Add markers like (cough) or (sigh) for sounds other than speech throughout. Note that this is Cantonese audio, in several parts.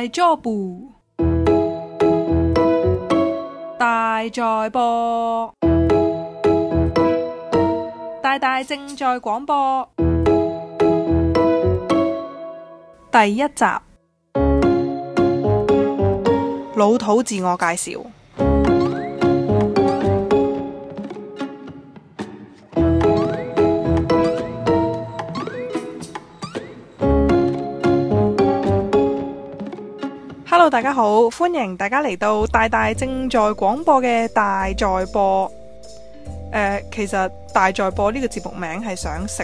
大 job， (music) 大在播， (music) 大大正在廣播， (music) 第一集，老土自我介紹。大家好，歡迎大家嚟到大大正在廣播嘅大在播。呃，其實大在播呢個節目名係想食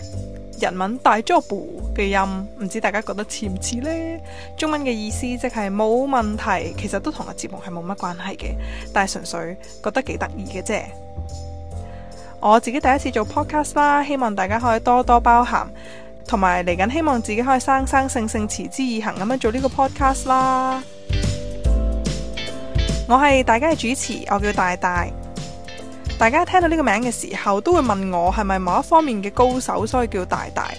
日文大 job 嘅音，唔知大家覺得似唔似呢？中文嘅意思即係冇問題，其實都同個節目係冇乜關係嘅，但係純粹覺得幾得意嘅啫。我自己第一次做 podcast 啦，希望大家可以多多包涵，同埋嚟緊希望自己可以生生性性持之以恆咁樣做呢個 podcast 啦。我係大家嘅主持，我叫大大。大家聽到呢個名嘅時候，都會問我係咪某一方面嘅高手，所以叫大大，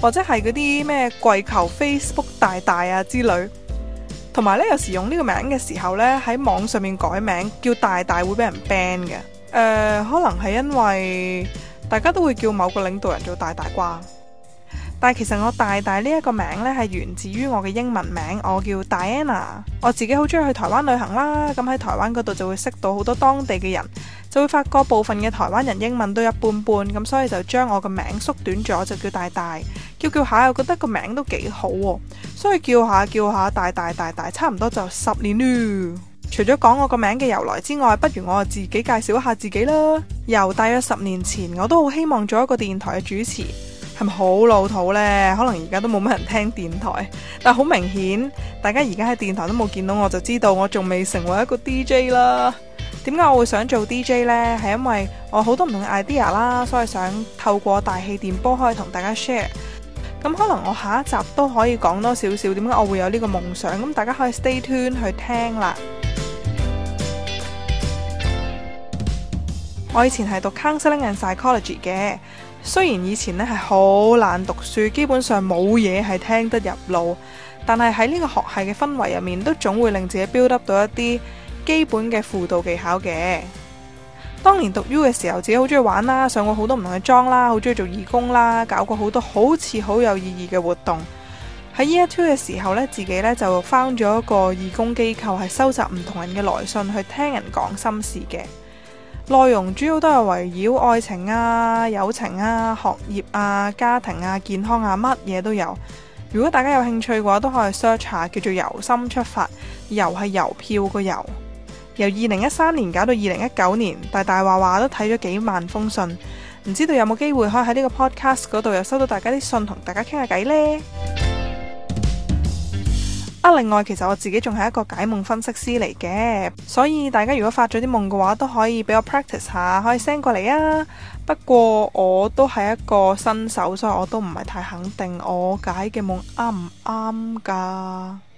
或者係嗰啲咩跪求 Facebook 大大啊之類。同埋呢，有時用呢個名嘅時候呢，喺網上面改名叫大大會俾人 ban 嘅。誒、呃，可能係因為大家都會叫某個領導人做大大啩。但係其實我大大呢一個名呢，係源自於我嘅英文名，我叫 Diana。我自己好中意去台灣旅行啦，咁喺台灣嗰度就會識到好多當地嘅人，就會發覺部分嘅台灣人英文都一般般。咁所以就將我個名縮短咗，就叫大大，叫叫下又覺得個名都幾好，所以叫下叫下大大大大，差唔多就十年啦。除咗講我個名嘅由來之外，不如我自己介紹一下自己啦。由大約十年前，我都好希望做一個電台嘅主持。係咪好老土呢？可能而家都冇乜人聽電台，但好明顯，大家而家喺電台都冇見到我就知道我仲未成為一個 DJ 啦。點解我會想做 DJ 呢？係因為我好多唔同嘅 idea 啦，所以想透過大氣電波可以同大家 share。咁可能我下一集都可以講多少少。點解我會有呢個夢想？咁大家可以 stay tuned 去聽啦。我以前係讀 counseling and psychology 嘅。雖然以前咧係好懶讀書，基本上冇嘢係聽得入腦，但係喺呢個學系嘅氛圍入面，都總會令自己 build up 到一啲基本嘅輔導技巧嘅。當年讀 U 嘅時候，自己好中意玩啦，上過好多唔同嘅莊啦，好中意做義工啦，搞過好多好似好有意義嘅活動。喺 Year Two 嘅時候呢，自己呢就返咗一個義工機構，係收集唔同人嘅來信，去聽人講心事嘅。內容主要都係圍繞愛情啊、友情啊、學業啊、家庭啊、健康啊，乜嘢都有。如果大家有興趣嘅話，都可以 search 下，叫做由心出發。由係郵票個由，由二零一三年搞到二零一九年，大大話話都睇咗幾萬封信，唔知道有冇機會可以喺呢個 podcast 嗰度又收到大家啲信，同大家傾下偈呢？啊，另外，其實我自己仲係一個解夢分析師嚟嘅，所以大家如果發咗啲夢嘅話，都可以俾我 practice 下，可以 send 過嚟啊。不過我都係一個新手，所以我都唔係太肯定我解嘅夢啱唔啱㗎。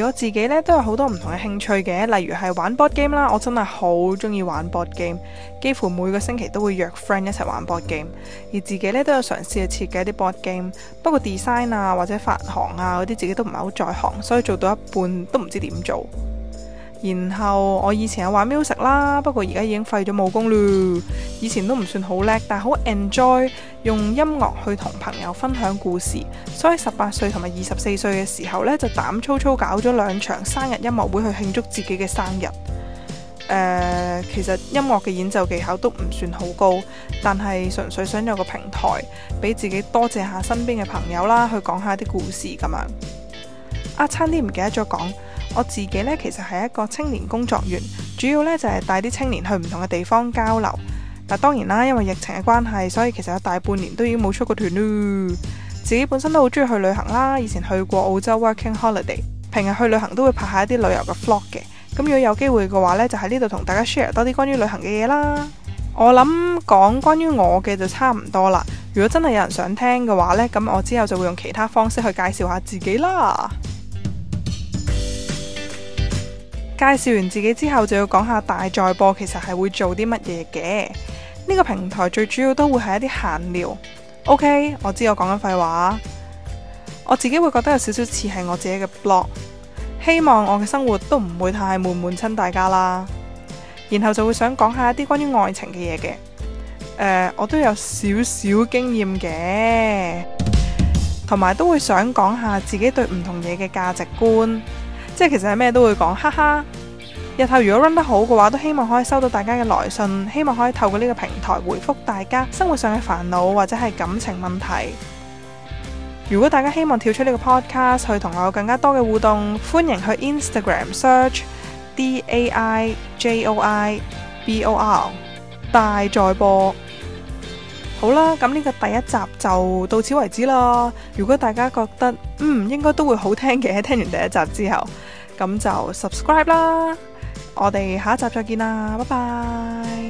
而我自己咧都有好多唔同嘅興趣嘅，例如係玩 board game 啦，我真係好鍾意玩 board game，幾乎每個星期都會約 friend 一齊玩 board game。而自己咧都有嘗試去設計一啲 board game，不過 design 啊或者發行啊嗰啲自己都唔係好在行，所以做到一半都唔知點做。然後我以前有玩 music 啦，不過而家已經廢咗武功嚕。以前都唔算好叻，但係好 enjoy 用音樂去同朋友分享故事。所以十八歲同埋二十四歲嘅時候呢，就膽粗粗搞咗兩場生日音樂會去慶祝自己嘅生日。誒、呃，其實音樂嘅演奏技巧都唔算好高，但係純粹想有個平台俾自己多謝下身邊嘅朋友啦，去講下啲故事咁樣。啊，差啲唔記得咗講。我自己呢，其實係一個青年工作員，主要呢就係帶啲青年去唔同嘅地方交流。但當然啦，因為疫情嘅關係，所以其實有大半年都已經冇出過團咯。自己本身都好中意去旅行啦，以前去過澳洲 working holiday，平日去旅行都會拍下一啲旅遊嘅 vlog 嘅。咁如果有機會嘅話呢，就喺呢度同大家 share 多啲關於旅行嘅嘢啦。我諗講關於我嘅就差唔多啦。如果真係有人想聽嘅話呢，咁我之後就會用其他方式去介紹下自己啦。介紹完自己之後，就要講下大在播其實係會做啲乜嘢嘅。呢個平台最主要都會係一啲閒聊。OK，我知我講緊廢話，我自己會覺得有少少似係我自己嘅 blog。希望我嘅生活都唔會太悶悶親大家啦。然後就會想講下一啲關於愛情嘅嘢嘅。誒，我都有少少經驗嘅，同埋都會想講下自己對唔同嘢嘅價值觀。即係其實係咩都會講，哈哈！日後如果 run 得好嘅話，都希望可以收到大家嘅來信，希望可以透過呢個平台回覆大家生活上嘅煩惱或者係感情問題。如果大家希望跳出呢個 podcast 去同我有更加多嘅互動，歡迎去 Instagram search D A I J O I B O R 大在播。好啦，咁呢個第一集就到此為止啦。如果大家覺得嗯應該都會好聽嘅，聽完第一集之後，咁就 subscribe 啦。我哋下一集再見啦，拜拜。